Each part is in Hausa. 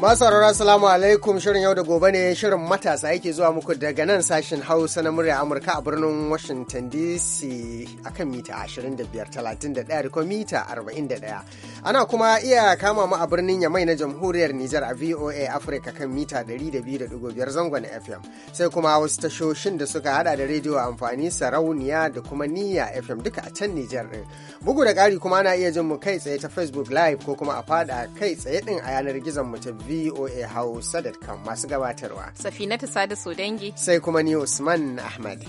Masarora asalamu alaikum shirin yau da gobe ne shirin matasa yake zuwa muku daga nan sashen hausa na murya Amurka a birnin Washington DC akan mita 25-31 da kuma mita 41. Ana kuma iya kama mu a birnin Yamai na jamhuriyar Nijar a VOA Africa kan mita 200.5 zangon FM sai kuma wasu tashoshin da suka hada da rediyo amfani sarauniya da kuma niyya FM duka a can Nijar din. Bugu da ƙari kuma ana iya jin mu kai tsaye ta Facebook Live ko kuma a fada kai tsaye din a yanar gizon mu ta voa hausa.com masu gabatarwa safinatu sada sodangi sai kuma ni usman ahmad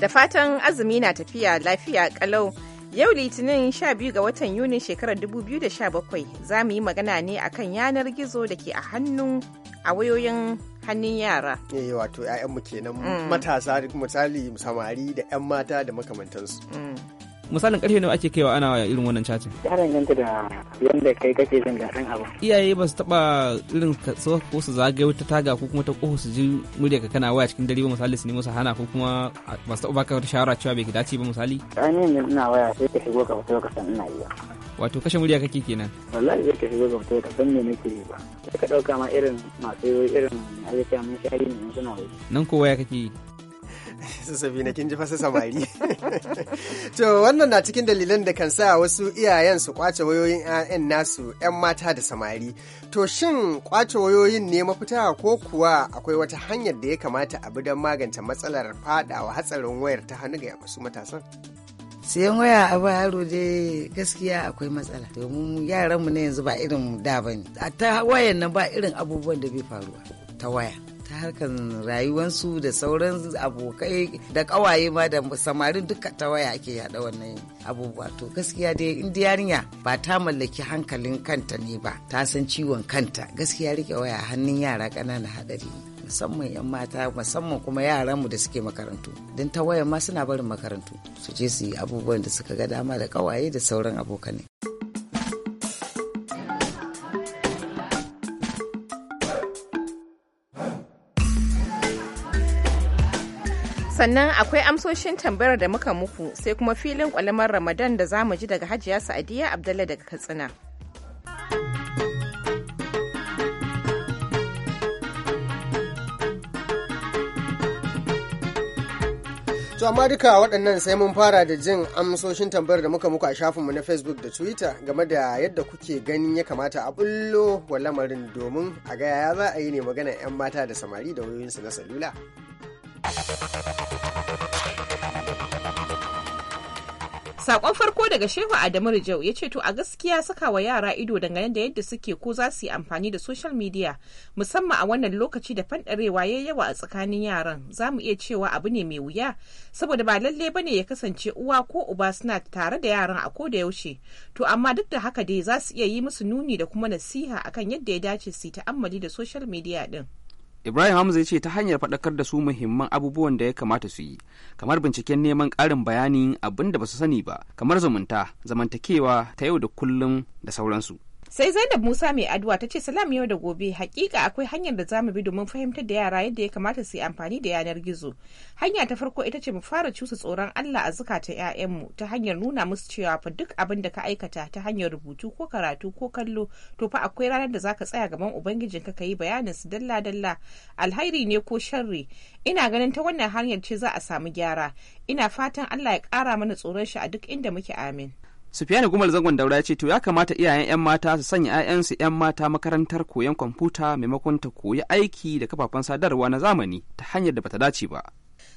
da fatan azumi na tafiya lafiya kalau Yau Litinin 12 ga watan yuni shekarar 2017 za mu yi magana ne akan yanar gizo da ke a hannun a wayoyin hannun yara. Eh wato 'ya'yanmu kenan mm. matasa misali samari da 'yan mata da makamantansu. Mm. misalin karfe nawa ake kaiwa ana irin wannan cacin tsarin danganta da yanda kai kake jin daɗin abu iyaye ba su taɓa irin ko su zagaye wata taga ko kuma ta ƙofa su ji murya ka kana waya cikin dare ba misali su nemo su hana ko kuma ba su taɓa baka wata shawara cewa bai dace ba misali ainihin ina waya sai ka shigo ka fito ka san ina iya wato kashe murya kake kenan wallahi zai ka shigo fito ka san me nake yi ba sai ka ɗauka ma irin masu irin ayyuka mun shari ne suna wai nan ko waya kake yi su sabi na kin ji fasa samari to wannan na cikin dalilan da kan sa wasu iyayen su kwace wayoyin 'ya'yan nasu 'yan mata da samari to shin kwace wayoyin ne mafita ko kuwa akwai wata hanyar da ya kamata a bi don magance matsalar fadawa hatsarin wayar ta hannu ga masu matasan siyan waya a ba yaro dai gaskiya akwai matsala domin yaranmu na yanzu ba irin da ba ne a ta wayan nan ba irin abubuwan da bai faruwa ta waya ta harkan rayuwansu da sauran abokai da kawaye ma da samarin duka ta waya ake yada wannan abubuwa to gaskiya dai in yarinya ba ta mallaki hankalin kanta ne ba ta san ciwon kanta gaskiya rike waya hannun yara ƙananan haɗari musamman 'yan mata musamman kuma yaran mu da suke makarantu don ta waya ma suna barin makarantu su je su yi abubuwan da suka ga dama da kawaye da sauran abokanai. sannan akwai amsoshin tambayar da muka muku sai kuma filin kwalamar ramadan da za mu ji daga hajiya sa'adiyya abdullahi daga katsina To amma duka waɗannan sai mun fara da jin amsoshin tambayar da muka muku a shafinmu na Facebook da Twitter game da yadda kuke ganin ya kamata a bullo wa lamarin domin a gaya ya za a yi ne magana 'yan mata da samari da wayoyinsu na salula. Sakon farko daga Shehu Adamu Rijau ya ce to a gaskiya saka wa yara ido dangane da yadda suke ko za su yi amfani da social media musamman a wannan lokaci da fanɗarewa ya yawa a tsakanin yaran za mu iya cewa abu ne mai wuya saboda ba lalle ne ya kasance uwa ko uba suna tare da yaran a ko da yaushe to amma duk da haka dai za su iya yi musu nuni da kuma nasiha akan yadda ya dace su yi ta'ammali da social media din. Ibrahim Hamza ya ce ta hanyar faɗakar da su muhimman abubuwan da ya kamata su yi, kamar binciken neman ƙarin bayanin abin da ba su sani ba, kamar zumunta, zamantakewa ta yau da kullum da sauransu. sai zainab musa mai aduwa ta ce salam yau da gobe hakika akwai hanyar da zamu bi domin fahimtar da yara yadda ya kamata su yi amfani da yanar gizo hanya ta farko ita ce mu fara cusa tsoron allah a zukatan 'ya'yanmu ta hanyar nuna musu cewa fa duk abin da ka aikata ta hanyar rubutu ko karatu ko kallo to fa akwai ranar da zaka tsaya gaban Ubangijin ka yi bayanin su dalla dalla alhairi ne ko sharri ina ganin ta wannan hanyar ce za a samu gyara ina fatan allah ya kara mana tsoron shi a duk inda muke amin Sufiyani Gumal zangon daura ya ce to ya kamata iyayen 'yan mata su sanya 'ya'yansu 'yan mata makarantar koyon kwamfuta maimakon ta koyi aiki da kafafen sadarwa na zamani ta hanyar da bata dace ba.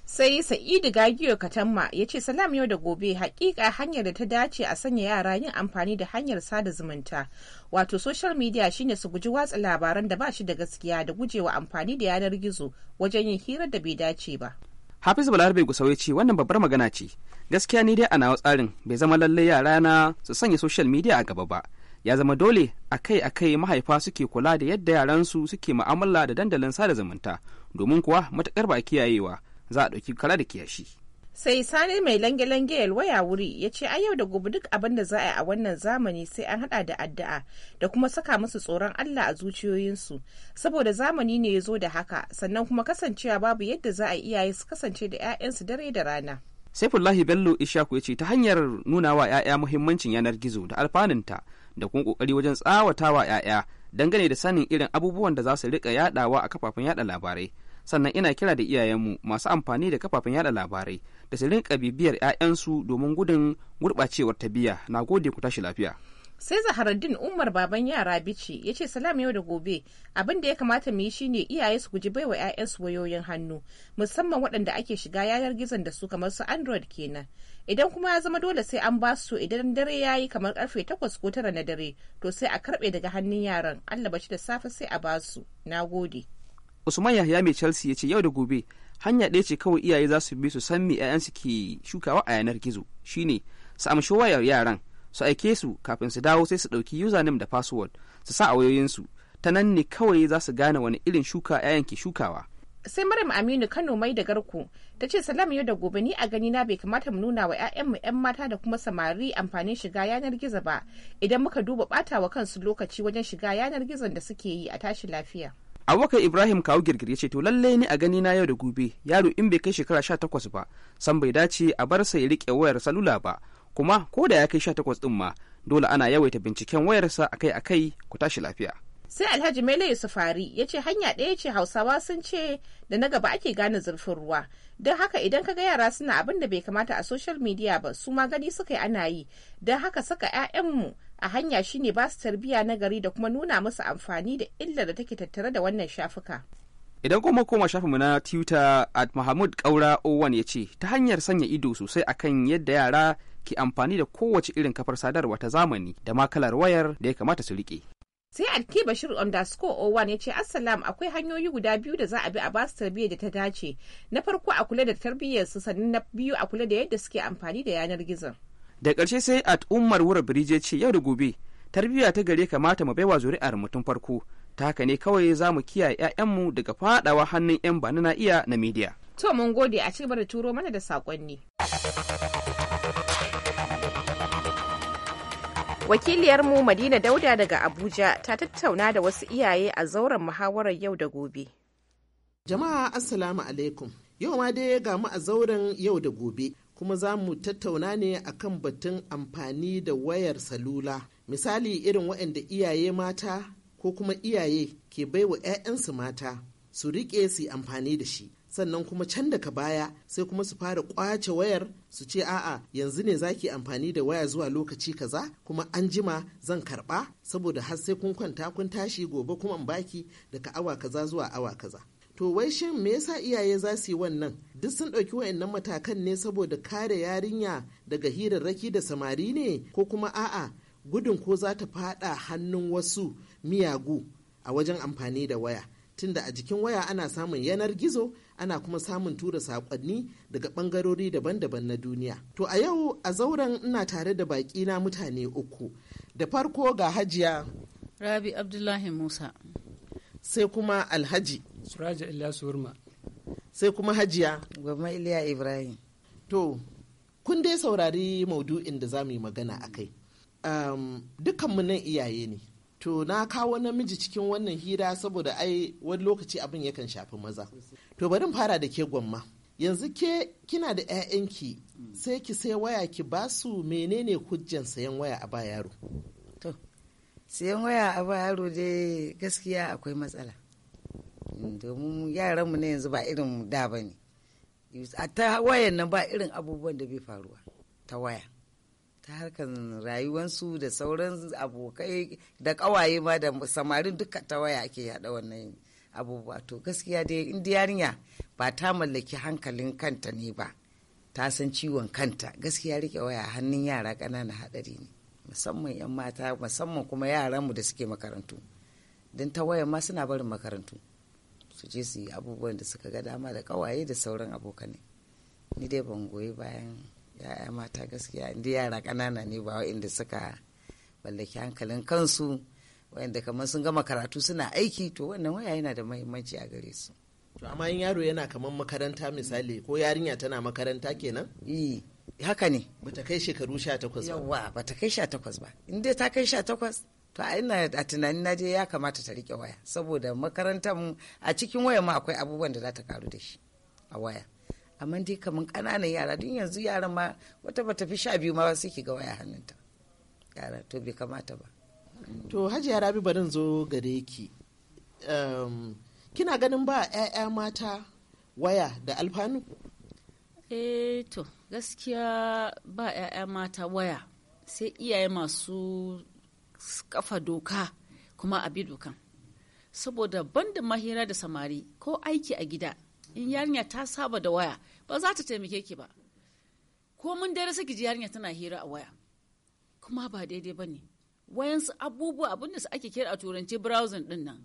Sai Sa'idu Gagiyo Katamma ya ce salam yau da gobe hakika hanyar da ta dace a sanya yara yin amfani da hanyar sada zumunta. Wato social media shine su guji watsa labaran da ba shi da gaskiya da gujewa amfani da yanar gizo wajen yin hirar da bai dace ba. hafizu balarabe gusau ya ce wannan babbar magana ce gaskiya ni dai a nawa tsarin bai zama lallai yara na su sanya social media a gaba ba ya zama dole akai-akai mahaifa suke kula da yadda yaran su suke mu'amala da dandalin sada zumunta domin kuwa matakar ba kiyayewa za a ɗauki kala da kiyashi sai sani mai lange-lange waya wuri ya ce a yau da gobe duk abin da za a yi a wannan zamani sai an hada da addu'a da kuma saka musu tsoron allah a zuciyoyinsu saboda zamani ne ya zo da haka sannan kuma kasancewa babu yadda za a iyaye su kasance da 'ya'yansu dare da rana saifullahi bello ishaku ya ce ta hanyar nuna wa 'ya'ya muhimmancin yanar gizo da alfanunta da kuma kokari wajen tsawatawa 'ya'ya dangane da sanin irin abubuwan da za su riƙa yaɗawa a kafafen yaɗa labarai sannan ina kira da iyayenmu masu amfani da kafafen yada labarai da su rinka bibiyar 'ya'yansu domin gudun gurɓacewar tabiya na gode ku tashi lafiya sai zaharaddin umar baban yara bici ya ce salam yau da gobe abin da ya kamata mu yi shine iyaye su guji baiwa 'ya'yansu wayoyin hannu musamman waɗanda ake shiga yanar gizon da su kamar su android kenan idan kuma ya zama dole sai an ba su idan dare ya yi kamar karfe takwas ko tara na dare to sai a karɓe daga hannun yaran allah bace da safe sai a ba su na gode Usman Yahya mai Chelsea ya ce yau da gobe hanya ɗaya ce kawai iyaye za su bi su san me su ke shukawa a yanar gizo shine su amshi wayar yaran su aike su kafin su dawo sai su ɗauki yuzanim da password su sa a wayoyinsu ta nan ne kawai za su gane wani irin shuka 'ya'yan ke shukawa. sai maryam aminu kano mai da garku ta ce salam yau da gobe ni a gani na bai kamata mu nuna wa mu 'yan mata da kuma samari amfanin shiga yanar gizo ba idan muka duba ɓata wa kansu lokaci wajen shiga yanar gizon da suke yi a tashi lafiya abubakar ibrahim kawo girgir ya ce to lallai ne a gani na yau da gobe yaro in bai kai shekara sha takwas ba san bai dace a bar sa ya rike wayar salula ba kuma ko da ya kai sha takwas din ma dole ana yawaita binciken wayarsa akai-akai ku tashi lafiya sai alhaji mele fari ya ce hanya ɗaya ce hausawa sun ce da na gaba ake gane zurfin ruwa don haka idan ka ga yara suna abin da bai kamata a social media ba su ma gani suka yi ana yi don haka saka 'ya'yanmu a hanya shine ba su tarbiyya na gari da kuma nuna musu amfani da illar da take tattare da wannan shafuka idan kuma koma shafinmu na twitter at mahmud kaura owan ya ce ta hanyar sanya ido sosai akan yadda yara ke amfani da kowace irin kafar sadarwa ta zamani da ma kalar wayar da ya kamata su rike sai alki bashir underscore o ya ce assalam akwai hanyoyi guda biyu da za a bi a basu tarbiyyar da ta dace na farko a kula da tarbiyyar su sannan na biyu a kula da yadda suke amfani da yanar gizon da ƙarshe sai at umar wura birije ce yau da gobe tarbiyya ta gare kamata mu baiwa zuri'ar mutum farko ta haka ne kawai za mu kiyaye 'ya'yanmu daga fadawa hannun 'yan bana na iya na media to mun gode a cigaba da turo mana da saƙonni wakiliyar mu madina dauda daga abuja ta tattauna da wasu iyaye a zauren muhawarar yau da gobe jama'a assalamu alaikum yau ma dai ga mu a zauren yau da gobe kuma za mu tattauna ne akan batun amfani da wayar salula misali irin waɗanda iyaye mata ko kuma iyaye ke baiwa 'ya'yansu mata su riƙe su amfani da shi sannan kuma can daga baya sai kuma su fara kwace wayar su ce a'a yanzu ne zaki amfani da waya zuwa lokaci kaza kuma an jima zan karba saboda har sai kun kwanta kun tashi gobe kuma in baki daga awa kaza zuwa awa kaza to wai shin me yasa iyaye za su yi wannan duk sun ɗauki wayannan matakan ne saboda kare yarinya daga hirarraki da samari ne ko kuma a'a gudun ko za ta faɗa hannun wasu miyagu a wajen amfani da waya tunda a jikin waya ana samun yanar gizo ana kuma samun tura saƙonni daga ɓangarori daban-daban na duniya. To a yau a zauren ina tare da baƙi na mutane uku. Da farko ga hajiya. Rabi Abdullahi Musa. Sai kuma Alhaji. Suraja Ilyasu Wurma. Sai kuma hajiya. Gwamma Iliya Ibrahim. To, kun dai saurari maudu'in da za mu yi magana a kai. Um, Dukkanmu nan iyaye ne. to na kawo namiji cikin wannan hira saboda ai wani lokaci abin yakan shafi maza to bari fara da ke gwamma yanzu ke kina da 'ya'yanki sai ki sai waya ki ba su menene hujjan sayan waya a ba yaro to sayan waya a ba yaro dai gaskiya akwai matsala domin yaranmu na yanzu ba irin da ba ne ta wayan nan ba irin abubuwan da bai faruwa ta waya ta harkan rayuwarsu da sauran abokai da kawaye ma da samarin duka ta waya ake yada wannan abubuwa to gaskiya dai inda yarinya ba ta mallaki hankalin kanta ne ba ta san ciwon kanta gaskiya rike waya hannun yara ƙanana haɗari ne musamman 'yan mata musamman kuma yaranmu da suke makarantu don ta waya ma suna barin makarantu su je su yi abubuwan da suka ga dama da kawaye da sauran abokanai ni dai ban goyi bayan ya'ya mata gaskiya inda yara kanana ne ba inda suka mallaki hankalin kansu wanda kamar sun gama karatu suna aiki to wannan waya yana da mahimmanci a gare su to amma in yaro yana kamar makaranta misali ko yarinya tana makaranta kenan eh, haka ne bata kai shekaru 18 ba yawa bata kai 18 ba in dai ta kai 18 to a ina a tunanin na je ya kamata ta rike waya saboda makarantar a cikin wayar ma akwai abubuwan da za ta karu da shi a waya amma dai kamar ƙananan yara din yanzu yara ma wata bata fi sha biyu ma sai ki ga waya hannunta yara to bai kamata ba to hajiya rabi barin zo gare ki kina ganin ba 'ya'ya mata waya da alfanu eh to gaskiya ba 'ya'ya mata waya sai iyaye masu kafa doka kuma a bi dokan saboda banda mahira da samari ko aiki a gida in yarinya ta saba da waya ba za ta taimake ki ba ko mun dare saki ji yarinya tana hira a waya kuma ba daidai ba ne wayansu abubuwa abin da su ake kira a turance browsing din nan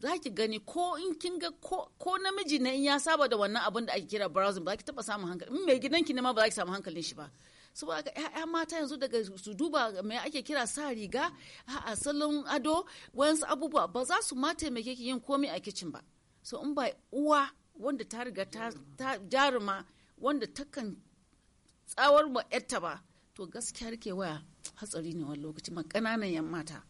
za ki gani ko in kin ga ko namiji na in ya saba da wannan abin da ake kira browsing ba za ki taba samun hankali in mai gidanki ne ma ba za ki samu hankalin shi ba saboda mata yanzu daga su duba me ake kira sa riga a salon ado wayansu abubuwa ba za su ma taimake ki yin komai a kicin ba so in ba uwa wanda ta riga ta jaruma wanda takan tsawar ma yarta ba to gaskiya rike waya hatsari ne wani lokaci ma kananan yan mata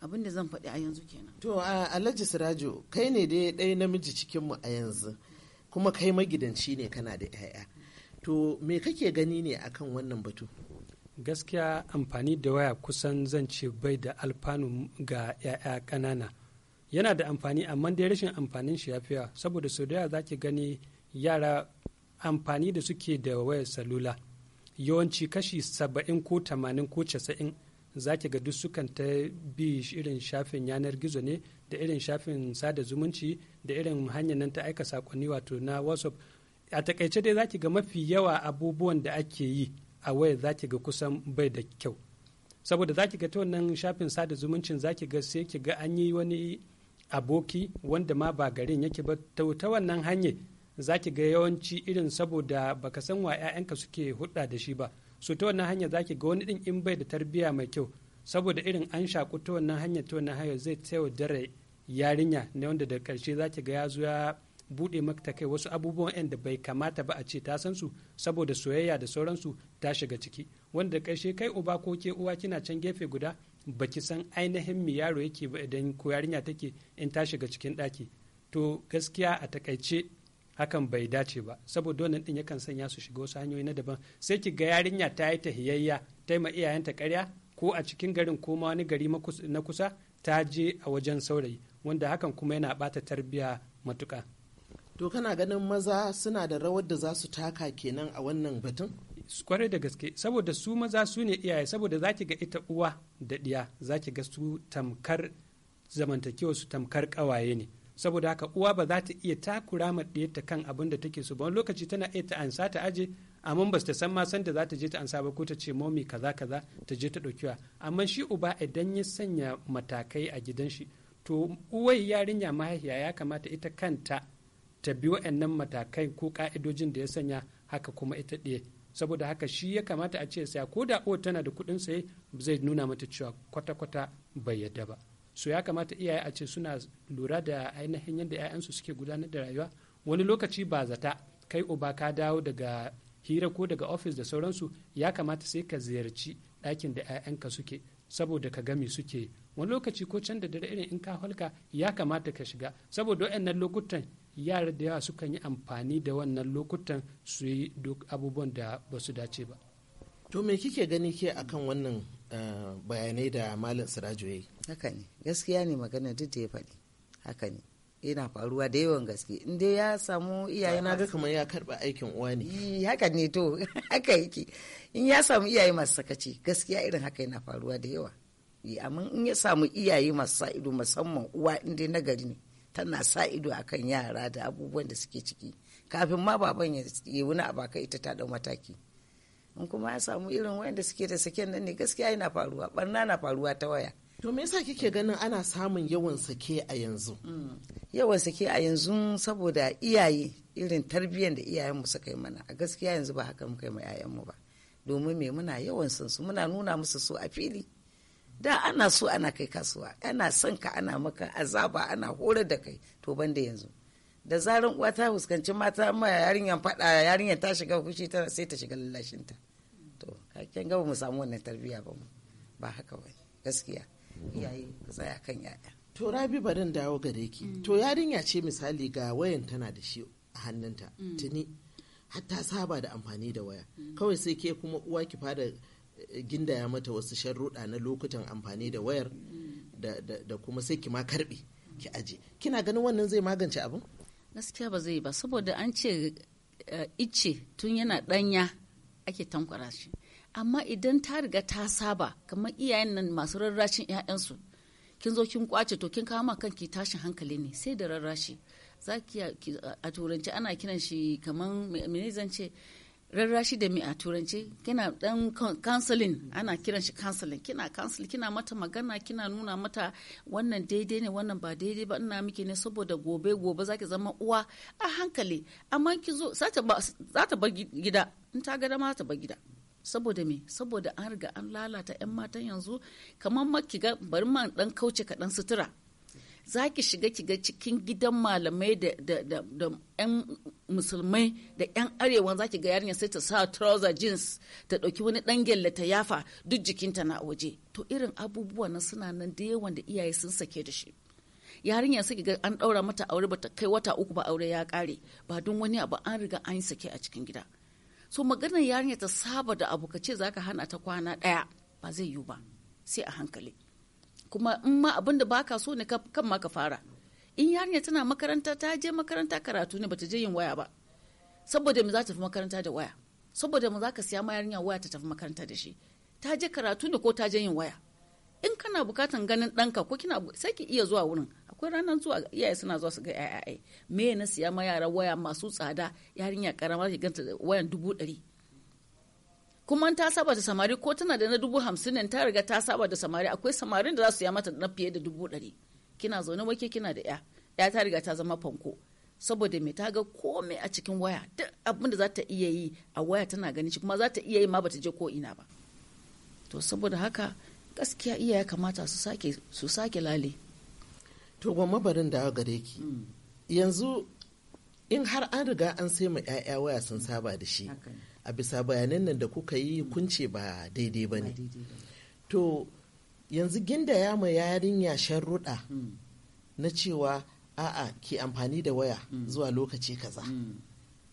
abin da zan faɗi a yanzu kenan to alhaji sirajo kai ne dai ɗaya namiji cikin mu a yanzu kuma kai magidanci ne kana da 'ya'ya to me kake gani ne akan wannan batu gaskiya amfani da waya kusan zan ce bai da alfanu ga 'ya'ya ƙanana yana da amfani amma dai rashin amfanin shi ya fiya saboda sau da yawa za ki gani yara amfani da suke da wayar salula yawanci kashi saba'in ko tamanin ko casa'in za ki ga duk sukan ta bi irin shafin yanar gizo ne da irin shafin sada zumunci da irin hanyar nan ta aika sakonni wato na whatsapp a takaice dai za ki ga mafi yawa abubuwan da ake yi a waya za ki ga kusan bai da kyau saboda za ki ga ta wannan shafin sada zumuncin za ki ga sai ki ga an yi wani aboki wanda ma ba garin yake ba ta wannan hanyar za ki ga yawanci irin saboda baka san wa 'ya'yanka suke hudda da shi ba so ta wannan hanya za ki ga wani din in bai da tarbiyya mai kyau saboda irin an shaku ta wannan hanya ta wannan hanya zai tsayo dare yarinya na wanda da karshe za ki ga ya zo ya buɗe maka kai wasu abubuwan yan da bai kamata ba a ce ta san su saboda soyayya da sauransu ta shiga ciki wanda da karshe kai uba ko ke uwa kina can gefe guda baki san ainihin mi yaro yake ba idan ko yarinya take in ta shiga cikin daki to gaskiya a takaice hakan bai dace ba saboda wannan din yakan sanya su shiga wasu hanyoyi na daban sai ki ga yarinya ta yi tahiyayya ta yi ma iyayenta ƙarya ko a cikin garin ko ma wani gari na kusa ta je a wajen saurayi wanda hakan kuma yana bata tarbiya matuka to kana ganin maza suna da rawar da za su taka kenan a wannan batun kwarai da gaske saboda su maza su ne iyaye saboda za ki ga ita uwa da ɗiya za ki ga su tamkar zamantakewa su tamkar ƙawaye ne saboda haka uwa ba za ta iya takura ma ta kan abin da take so ba wani lokaci tana iya ta ansa ta aje amma ba ta san ma san da za ta je ta ansa ba ko ta ce momi kaza kaza ta je ta ɗaukiwa amma shi uba idan ya sanya matakai a gidan shi to uwai yarinya mahaifiya ya kamata ita kanta ta bi waɗannan matakai ko ka'idojin da ya sanya haka kuma ita ɗaya saboda haka shi ya kamata a ce saya ko da o tana da kuɗin saye zai nuna mata cewa kwata-kwata bai yadda ba so ya kamata iyaye a ce suna lura da ainihin yadda 'ya'yansu suke gudanar da rayuwa wani lokaci ba zata kai uba ka dawo daga hira ko daga ofis da sauransu ya kamata sai ka ziyarci ɗakin da 'ya'yanka suke saboda ka gami suke wani lokaci ko can da dare irin in ka halka ya kamata ka shiga saboda waɗannan lokutan yara da yawa sukan yi amfani da wannan lokutan su yi duk abubuwan da ba su dace ba to me kike gani ke akan wannan eh, bayanai da malam sirajo yayi haka ne gaskiya ne magana duk da ya faɗi haka ne yana faruwa da yawan gaske Inda ya samu iyaye na ga kamar ya karɓa aikin uwa ne eh, haka ne to haka yake in ya samu iyaye masu sakaci gaskiya irin haka yana faruwa da yawa eh, amma in ya samu iyaye masu sa ido musamman uwa in dai nagari ne tana sa ido a kan yara da abubuwan da suke ciki kafin ma baban ya yi wani abaka ita ta dau mataki in kuma ya samu irin wayanda suke da saken nan ne gaskiya yana faruwa barna na faruwa ta waya to me yasa kike ganin ana samun yawan sake a yanzu mm. yawan sake a yanzu saboda iyaye irin tarbiyyar da iyayenmu suka yi mana a gaskiya yanzu ba haka muka yi ma 'ya'yanmu ba domin me muna yawan sansu muna nuna musu su a fili da ana so ana kai kasuwa ana son ka ana maka azaba ana horar da kai to banda yanzu da zaran uwa ta fuskanci mata ma yarinyar fada yarinyar ta shiga fushi tana sai ta shiga ta to hakken ga mu samu wannan tarbiyya ba mu ba haka ba gaskiya iyaye ku tsaya kan yaya to rabi barin dawo gare ki mm. to yarinya ce misali ga wayan tana da shi a hannunta mm. tuni hatta saba da amfani da waya mm. kawai sai ke kuma uwa ki fara Ginda ya mata wasu sharruɗa na lokutan amfani da wayar da kuma sai ki ma karbe ki aje kina ganin wannan zai magance abin gaskiya ba zai ba saboda an ce eh, ice tun yana ɗanya ake tankwara shi amma idan ta riga ta saba kamar iyayen nan masu rarrashin 'ya'yansu kin zo kin kwace to kin kama kanki tashin hankali ne sai da rarrashi za ki a turanci ana kiran shi kamar mene zan ce rarrashi da mai a turance kina dan counseling ana kiran shi counseling kina counsel kina mata magana kina nuna mata wannan daidai ne wannan ba daidai ba ina miki ne saboda gobe gobe zaki zama uwa a hankali amma ki zo za ta bar gida in ta ga dama ta bar gida saboda me saboda an riga an lalata yan matan yanzu kamar ma ki ga bari man dan kauce ka dan sutura za ki shiga ki ga cikin gidan malamai da 'yan musulmai da 'yan arewa za ki ga yarinya sai ta sa trouser jeans ta ɗauki wani ɗan gyalla ta yafa duk jikinta na waje to irin abubuwa na suna nan da yawan da iyaye sun sake da shi yarinya sai ga an ɗaura mata aure bata kai wata uku ba aure ya kare. ba don wani abu an riga an sake a cikin gida so maganar yarinya ta saba da abu ka zaka hana ta kwana ɗaya ba zai yiwu ba sai a hankali kuma in ma abin da baka so ne kan ma ka fara in yarinya tana makaranta ta je makaranta karatu ne bata je yin waya ba saboda mu za ta fi makaranta da waya saboda mu za ka siya ma yarinya waya ta tafi makaranta da shi ta je karatu ne ko ta je yin waya in kana bukatan ganin ɗanka ko kina sai ki iya zuwa wurin akwai ranar zuwa iyaye suna zuwa su ga yaya me na siya ma yara waya masu tsada yarinya karama ki ganta wayan dubu ɗari kuma ta saba da samari ko tana da na dubu hamsin ne ta riga ta saba da samari akwai samarin da za su ya mata na fiye da dubu ɗari kina zaune wake kina da ya ya ta riga ta zama fanko saboda me ta ga komai a cikin waya duk abin da za ta iya yi a waya tana ganin shi kuma za ta iya yi ma bata je ko ina ba to saboda haka gaskiya iya ya kamata su sake su sake lale to ba mabarin da gare ki mm. yanzu in har an riga an sai ma 'ya'ya waya sun saba da shi a bisa bayanan nan da kuka yi kun ce ba daidai ba ne to yanzu ginda ya ma yarinya ruda hmm. na cewa a'a ki amfani da waya hmm. zuwa lokaci kaza hmm.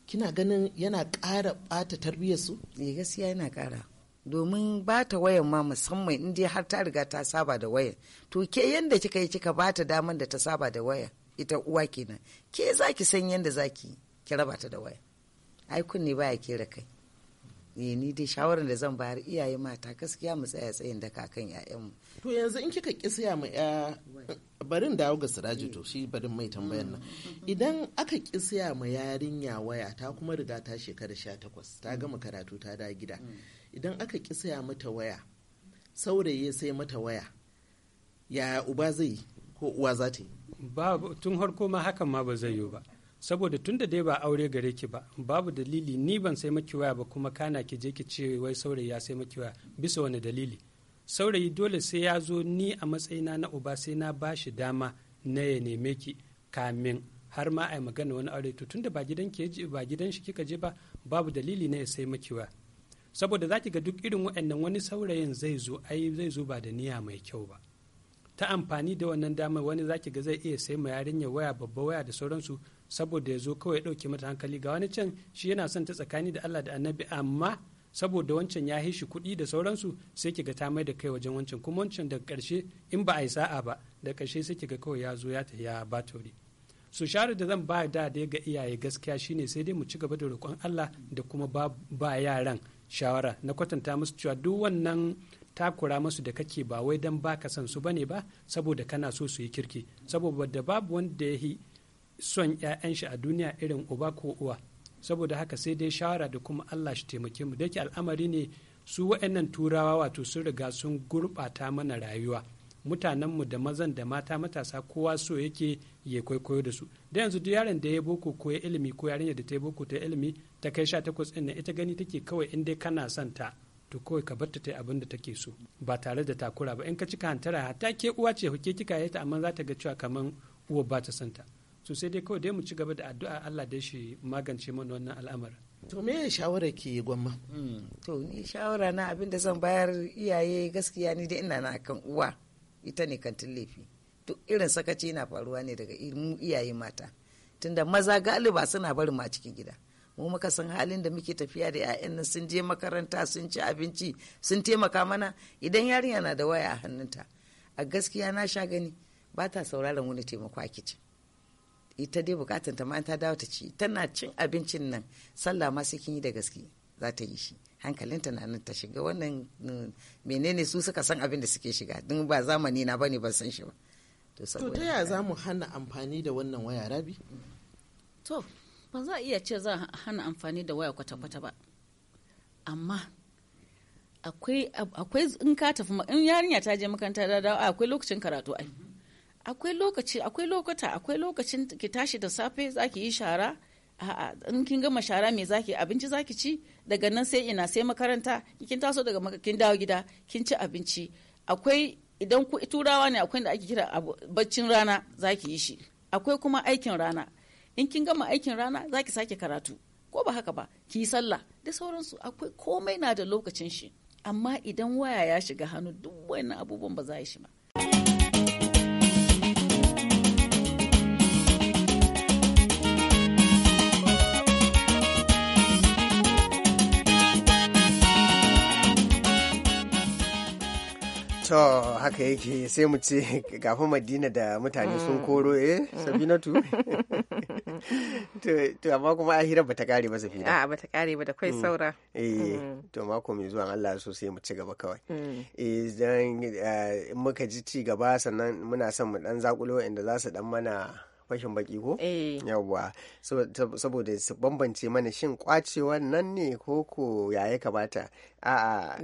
kina ganin yana ƙara ɓata tarbiyyar su? ne eh, gaskiya yana ƙara. Domin ba ta wayan ma musamman in dai har ta riga ta saba da wayan. To ke yanda kika yi kika ba ta daman da ta saba da waya ita uwa kenan. Ke zaki san yanda zaki ki raba ta da waya Ai kunne baya kera kai. ne eh, ni dai shawarar da zan bayar iyaye mata gaskiya mu tsaya tsayin daka kan ƴaƴanmu to yanzu in kika ki ma barin dawo ga Siraji to shi barin mai tambayar nan idan aka ki ma yarinya waya ta kuma riga ta shekara 18 ta gama karatu ta da gida idan aka ki mata waya saurayi sai mata waya ya uba zai ko uwa za ta yi ba tun harko ma hakan ma ba zai yiwu ba saboda tun da dai ba aure gare ki ba babu dalili ni ban sai maki waya ba kuma kana ki je ki ce wai saurayi ya sai maki waya bisa wani dalili saurayi dole sai ya zo ni a matsayina na uba sai na ba shi dama na ya neme ki kamin har ma a yi magana wani aure to tunda ba gidan ki ba gidan shi kika je ba babu dalili na ya sai maki waya saboda zaki ga duk irin waɗannan wani saurayin zai zo ai zai zo ba da niyya mai kyau ba ta amfani da wannan damar wani zaki ga zai iya sai ma yarinya waya babba waya da sauransu saboda ya zo kawai ya ɗauke mata hankali ga wani can shi yana son ta tsakani da Allah da annabi amma saboda wancan ya shi kuɗi da sauransu sai kiga ta mai da kai wajen wancan kuma wancan daga ƙarshe in ba a yi sa'a ba da ƙarshe sai kiga kawai ya zo ya ta ya ba tauri su share da zan ba da dai ga iyaye gaskiya shine sai dai mu ci gaba da roƙon Allah da kuma ba yaran shawara na kwatanta musu cewa duk wannan takura masu da kake ba wai dan baka san su bane ba saboda kana so su yi kirki saboda babu wanda ya yi son 'ya'yan shi a duniya irin uba ko uwa saboda haka sai dai shawara da kuma Allah shi taimake mu da al'amari ne su wa'annan turawa wato sun riga sun gurɓata mana rayuwa mutanenmu da mazan da mata matasa kowa so yake ya kwaikwayo da su da yanzu duk yaron da ya boko ko ya ilimi ko yarinya da ta yi boko ta ilimi ta kai sha takwas ɗin ita gani take kawai in dai kana son ta to kawai ka bar ta ta abin da take so ba tare da takura ba in ka cika hantara hatta ke uwa ce huke kika ta amma za ta ga cewa kaman uwa ba ta son ta so sai dai kawai dai mu ci gaba da addu'a Allah da shi magance mana wannan al'amarin to me shawara ke gwamma hmm. to ni shawara na abin da zan bayar iyaye gaskiya ni da ina na kan uwa ita ne kantin laifi duk irin sakaci na faruwa ne daga mu iyaye mata tunda maza galiba suna barin ma cikin gida mu muka san halin da muke tafiya da 'ya'yan nan sun je makaranta sun ci abinci sun taimaka mana idan yarinya na da waya a hannunta a gaskiya na sha gani ba ta sauraron wani taimako a kicin ita dai bukatan ta ma ta dawo ta ci tana cin abincin nan sallah ma sai kin yi da gaske za ta yi shi hankalinta na nan ta shiga wannan mm, menene su suka san abin da suke shiga din ba zamani na bane ban san shi ba to ta ya za mu hana amfani da wannan waya rabi to ba za a iya ce za a hana amfani da waya kwata-kwata ba amma akwai in ka tafi in yarinya ta je makaranta da dawo akwai lokacin karatu ai akwai lokaci akwai lokata akwai lokacin ki tashi da safe zaki yi shara in kin gama shara me zaki abinci zaki ci daga nan sai ina sai makaranta kin taso daga kin dawo gida kin ci abinci akwai idan ku turawa ne akwai da ake kira baccin rana zaki yi shi akwai kuma aikin rana in kin gama aikin rana zaki sake karatu ko ba haka ba ki yi sallah da sauransu akwai komai na da lokacin shi amma idan waya ya shiga hannu duk wannan abubuwan ba za yi shi ba To haka yake sai mu ce gafi Madina da mutane sun mm. koro eh mm. Sabinatu to amma kuma ahira bata kare ba Safina. A'a bata kare ba da kai mm. saura. Eh to mako mai zuwa Allah so sai mu ci gaba kawai. Eh dan eh, muka ji ci gaba sannan muna son mu dan zakulo inda za su dan mana fashin baki ko? Eh. Yawwa, saboda su bambance mana shin kwacewa nan ne ko ko ya ya kamata? A'a,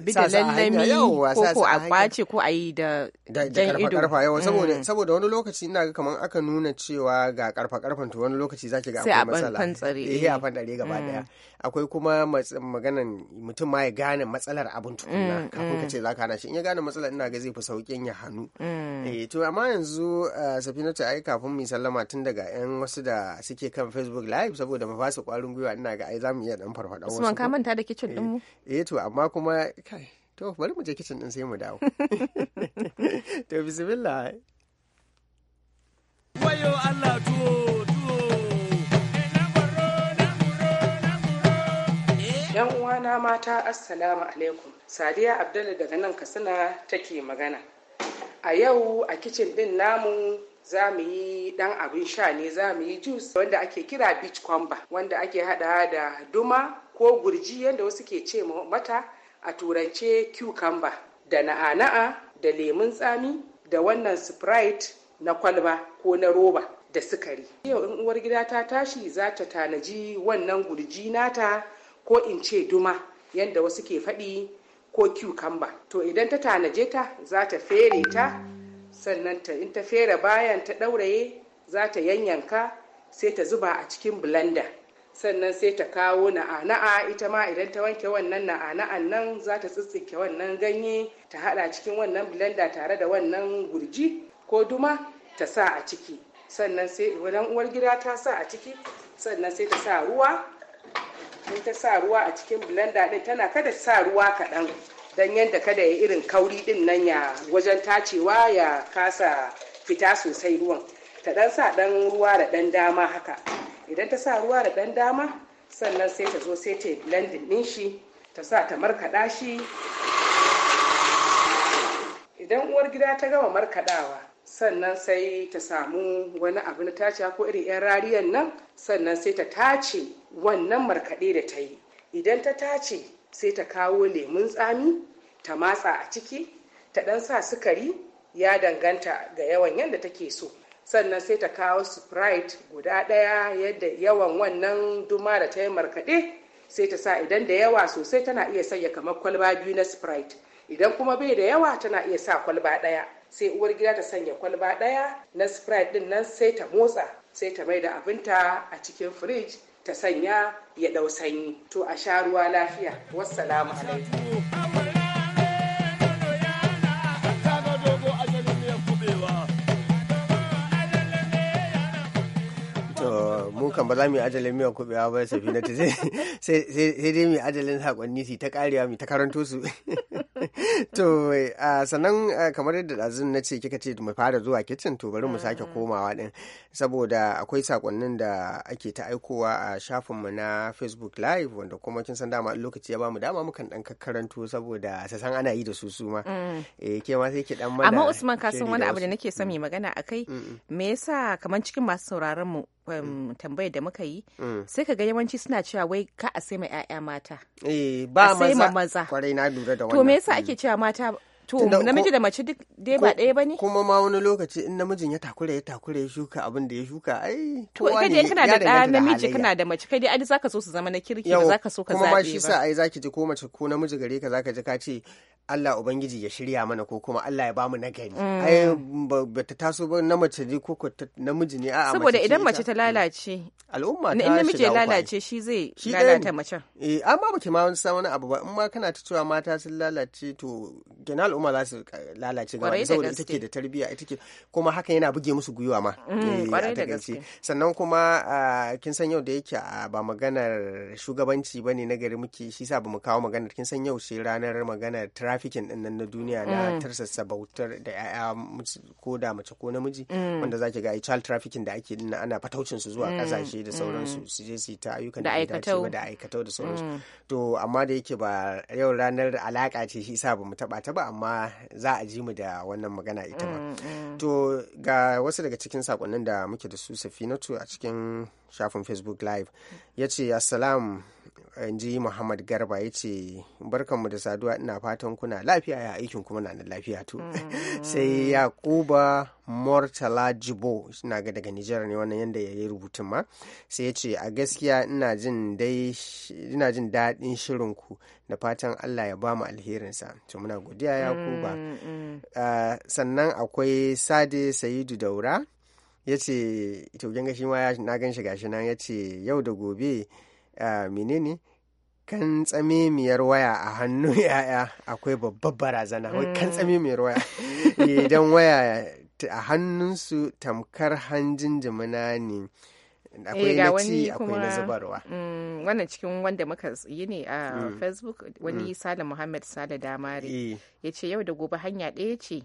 bi da lallami ko a kwace ko a yi da jan ido. Da karfa karfa mm. saboda wani lokaci ina ga kamar aka nuna cewa ga karfa karfan to wani lokaci zaki ga akwai matsala. Eh, sai a fantsare. Eh, a fantsare gaba mm. daya. akwai kuma maganan mutum ma ya gane matsalar abin tukuna mm, kafin ka mm. ce za ka hana shi in ya gane matsalar ina ga zai fi sauƙin ya hannu mm. eh, to amma yanzu eh, ta ai kafin mu sallama tun daga yan wasu da suke kan facebook live saboda mu fasa kwarin gwiwa ina ga ai za mu iya dan farfaɗa wasu Usman ka manta da kitchen din mu eh, eh to amma kuma kai to bari mu je kitchen din sai mu dawo to bismillah wayo Allah tuwo Yan uwana mata Assalamu alaikum. Sadiya abdullahi daga nan Katsina take magana. A yau a kicin din namu za mu yi dan abin sha ne za mu yi juice wanda ake kira beach kwamba wanda ake hada da duma ko gurji yadda wasu ke ce mata a turance cucumber da na'ana'a da lemun tsami da wannan sprite na kwalba ko na roba da sukari. Yau in uwar gida ta tashi za ta tanaji wannan gurji nata ko in ce duma yadda wasu ke faɗi ko cucumber to idan ta tanaje ta za ta fere ta sannan ta in ta fere bayan ta ɗauraye za ta yanyanka sai ta zuba a cikin blender sannan sai ta kawo na'ana'a ita ma idan ta wanke wannan na'ana'an nan za ta tsitsike wannan ganye ta hada cikin wannan blender tare da wannan gurji ko duma ta sa a ciki sannan sai uwar gida ta sa a ciki sannan sai ta sa ruwa in ta sa ruwa a cikin blender din tana kada sa ruwa kaɗan don yadda kada ya irin kauri din nan ya wajen tacewa ya kasa fita sosai ruwan ta dan sa dan ruwa da dan dama haka idan ta sa ruwa da ɗan dama sannan sai ta zo sai ta blending din shi ta sa ta markaɗa shi idan uwar gida ta gama markaɗawa sannan sai ta samu wani abu na tace ko irin 'yan rariyan nan sannan sai ta tace wannan markaɗe da ta yi idan ta tace sai ta kawo lemun tsami ta matsa a ciki ta ɗan sa sukari ya danganta ga yawan yadda take so sannan sai ta kawo sprite guda ɗaya yadda yawan wannan duma da ta yi markaɗe sai ta sa idan da yawa sosai tana iya sanya kamar kwalba biyu na sprite idan kuma bai da yawa tana iya sa kwalba ɗaya sai uwar gida ta sanya kwalba ɗaya na sprite ɗin nan sai ta motsa sai ta maida abinta a cikin firij ta sanya ya ɗau sanyi to a sha ruwa lafiya wassalamu alaikum mu kan ba za mu yi ajalin miyan kubewa ba fi na ta sai dai mu yi ajalin sakonni su ta ƙarewa mu ta karanto su to eh, sannan eh, kamar yadda azun na ce kika ce mu fara zuwa kicin to bari mu mm-hmm. sake komawa din saboda akwai sakonnin da ake ta aikowa a shafinmu na facebook live wanda kuma kin san dama lokaci ya bamu dama mukan ɗan kakkaranto saboda sasan ana yi da su su ma mm. eh ke ma sai ki dan mana amma usman kasan wani abu da nake son mai mm. magana akai me yasa kamar cikin masu sauraron mu Mm. tambayar da muka yi mm. sai ka ga yawanci suna cewa wai ka a sai ma 'ya'ya mata eh ba maza kwarai na lura da wannan to me yasa ake cewa mata to namiji da mace duk dai ba ɗaya bane kuma ma wani lokaci in namijin ya takura ya takura ya shuka abin da ya shuka ai to kai dai kana da ɗa namiji kana da mace kai dai ai zaka so su zama na kirki ba zaka so ka zabe ba kuma ma shi sa ai zaki ji ko mace ko namiji gare ka zaka ji ka ce Allah Ubangiji ya shirya mana ko kuma Allah ya bamu nagari. Mm. Ai ba ta taso ba na mace ne ko namiji ne a'a Saboda idan mace ta lalace. Al'umma ta shiga namiji ya lalace shi zai lalata mace. Eh amma baki ma san wani abu ba in ma kana ta cewa mata sun lalace to gina al'umma za su eh, lalace ga wani saboda ita ke da tarbiyya ita ke kuma hakan yana buge musu gwiwa ma. Mm, eh, kwarai da gaske. Sannan kuma kin san yau da yake ba maganar shugabanci bane na gari muke shi sa ba mu kawo maganar kin san yau shi ranar maganar traffic trafficking din nan na duniya na mm. tarsasa bautar da 'ya'ya ko da mace ko namiji mm. wanda zaki ga child trafficking da ake dinna ana fataucin su zuwa kasashe mm. da sauransu su je su ta ayyukan da aikatau da aikatau da sauransu to amma da yake ba yau ranar alaka ce shi sa bamu taba ta ba amma za a ji mu da wannan magana ita ba to ga wasu daga cikin sakonnin da muke da su safinatu a cikin shafin facebook live ya ce assalam ji muhammad garba ya ce barkanmu da saduwa ina fatan kuna lafiya ya aikin kuma na lafiya to mm. sai yakuba Murtala jibo na ga daga nijar ne wannan yadda ya yi rubutun ma sai ya ce a gaskiya ina jin daɗin shirinku da fatan allah ya ba mu alherinsa to muna godiya yakuba mm, mm. sannan akwai sade sayidu daura ya ce to shi ma na gan shi gashi nan ya ce yau da gobe menene kan tsamemiyar waya a hannu yaya akwai babbar barazana wai kan mm. tsamemiyar waya eh, idan waya a hannunsu tamkar hanjin jimina ne akwai eh, na ci akwai na zubarwa mm, wannan cikin wanda muka yi ne a mm. facebook wani sale muhammad sale damari eh. ya ce yau da gobe hanya ɗaya ce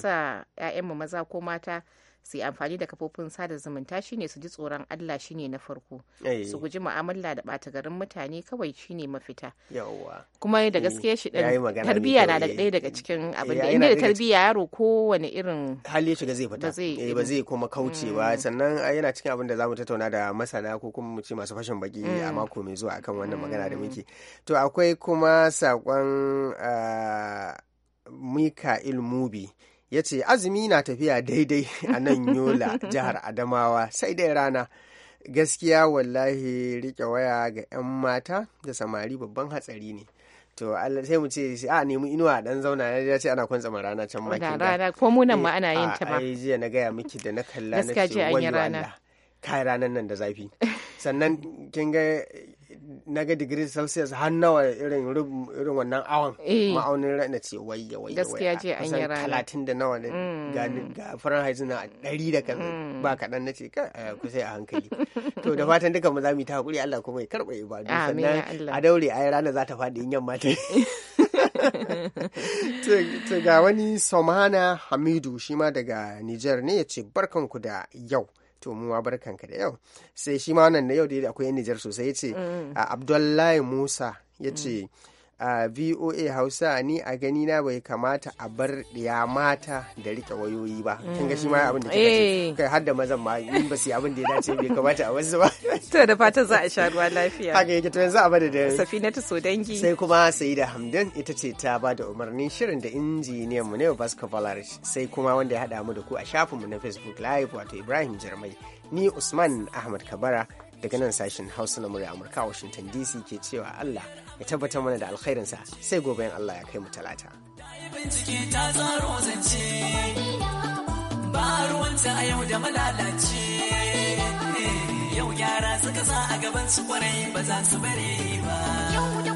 sa 'ya'yanmu maza ko mata su yi amfani da kafofin sada zumunta shine su ji tsoron Allah shine na farko eh. su guji mu'amala da ɓata garin mutane kawai shine mafita kuma da eh, gaskiya shi tarbiyya na da ɗaya daga eh. cikin abin da inda da tarbiyya yaro kowane irin hali ya shiga zai fita ba zai kuma kaucewa mm. sannan yana cikin abin da zamu tattauna da masana ko kuma mu ce masu fashin baki a mm. mako mai zuwa akan wannan magana da muke mm. to akwai kuma sakon ah, Mika Ilmubi ya ce azumi na tafiya daidai a nan yola jihar adamawa sai dai rana gaskiya wallahi rike waya ga 'yan mata da samari babban hatsari ne to sai mu ce a nemi inuwa dan zauna ya ce ana kwantsa rana can makin da rana ko ma ana eh, yin ta ba ai jiya na gaya miki da na kalla na ce wani rana kai ranan nan da zafi sannan kin ga na ga digiri celsius har nawa irin irin wannan awon eh. ma'aunin rana ce wai ya gaskiya ce an yi rana talatin da nawa ne mm. ga fahrenheit na ɗari da kaza mm. ba kaɗan na ce kusa a hankali to da fatan duka mu za mu yi ta haƙuri allah kuma ya karɓa ba sannan a daure a yi rana za ta faɗi in yamma ta to ga wani somana hamidu shi ma daga niger ne ya ce barkanku da yau to mu ma barkanka da yau sai shi ma wannan na yau da akwai yan Nijar sosai yace mm. Abdullahi Musa yace mm. a voa hausa ni a gani na bai kamata a bar ya mata da rike wayoyi ba kin gashi ma abin da kika mm. kai har da mazan ma in ba su abin da ya dace bai kamata a wasu ba to da fatan za a sha ruwa lafiya haka yake to yanzu a bada da safinatu sodangi sai kuma saida hamdan ita ce ta ba da umarnin shirin da injiniyan mu ne Vasco Valarish sai kuma wanda ya hada mu da ku a shafin mu na Facebook live wato Ibrahim Jarmai ni Usman Ahmad Kabara daga nan sashen Hausa na murya Amurka Washington DC ke cewa Allah ya tabbatar mana da alkhairinsa sai gobe in Allah ya kai mu talata. bincike ta tsaro zance ba ruwanta yau da malalace eh, yau gyara suka sa a gaban su kwarai ba za su bare ba.